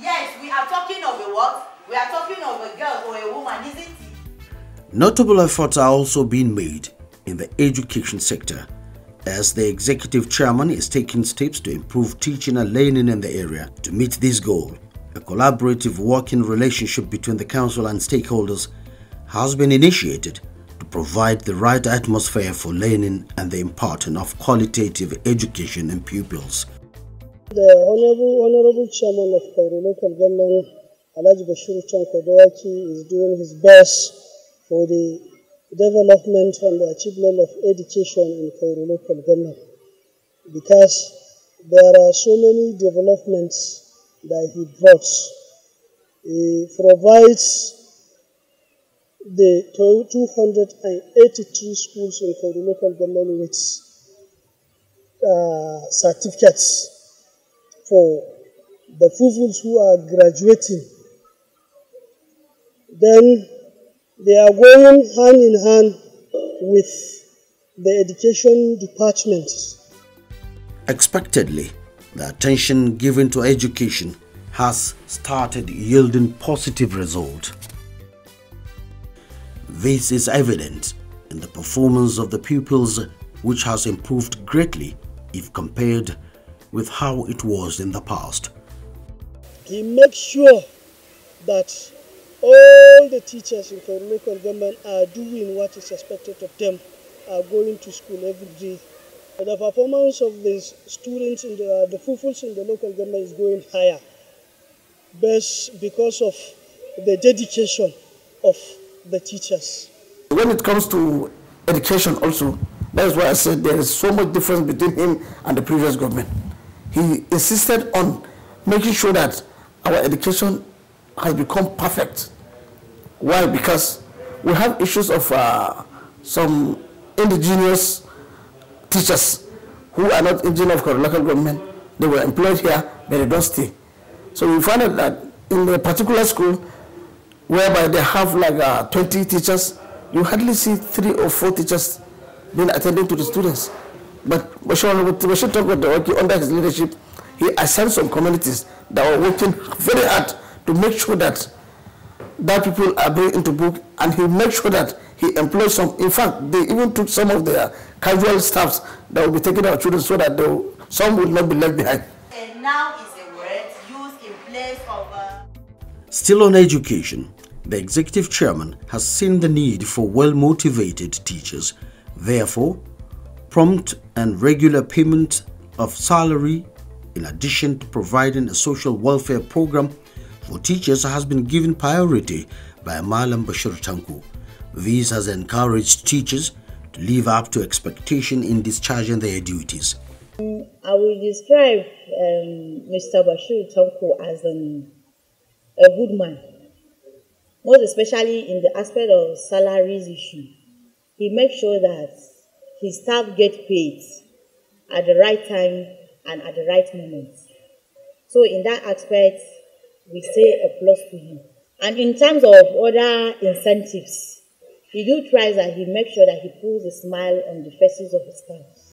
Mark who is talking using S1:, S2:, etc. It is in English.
S1: Yes, we are talking of a what? We are talking of a girl or a woman, is it?
S2: Notable efforts are also being made in the education sector as the executive chairman is taking steps to improve teaching and learning in the area to meet this goal. A collaborative working relationship between the council and stakeholders has been initiated to provide the right atmosphere for learning and the imparting of qualitative education in pupils.
S3: The Honorable, Honorable Chairman of Cairo Local Government, Alaj Bashir Chankodowaki, is doing his best for the development and the achievement of education in Cairo Local Government because there are so many developments that he brought. He provides the 283 schools in Kodu local government with uh, certificates for the fools who are graduating, then they are going hand in hand with the education department.
S2: Expectedly, the attention given to education has started yielding positive results. This is evident in the performance of the pupils, which has improved greatly if compared with how it was in the past.
S3: He makes sure that all the teachers in local government are doing what is expected of them, are going to school every day. the performance of the students in the, the pupils in the local government is going higher, best because of the dedication of the teachers.
S4: When it comes to education also, that is why I said there is so much difference between him and the previous government. He insisted on making sure that our education has become perfect. Why? Because we have issues of uh, some indigenous teachers who are not indigenous of our local government. They were employed here, but they don't stay. So we found out that in a particular school, whereby they have like uh, 20 teachers, you hardly see three or four teachers being attending to the students. But Moshe talked about under his leadership, he assigned some communities that were working very hard to make sure that that people are going into book and he made sure that he employed some. In fact, they even took some of their casual staffs that will be taking our children so that some would not be left behind.
S1: And now is a word used in place of uh,
S2: Still on education, the executive chairman has seen the need for well-motivated teachers. Therefore, prompt and regular payment of salary in addition to providing a social welfare program for teachers has been given priority by Malam Bashir Tanku. This has encouraged teachers to live up to expectation in discharging their duties.
S1: I will describe um, Mr. Bashir Tanku as um, a good man, most especially in the aspect of salaries issue. He makes sure that his staff get paid at the right time and at the right moment. So in that aspect, we say a plus to him. And in terms of other incentives, he do tries that he makes sure that he pulls a smile on the faces of his staff.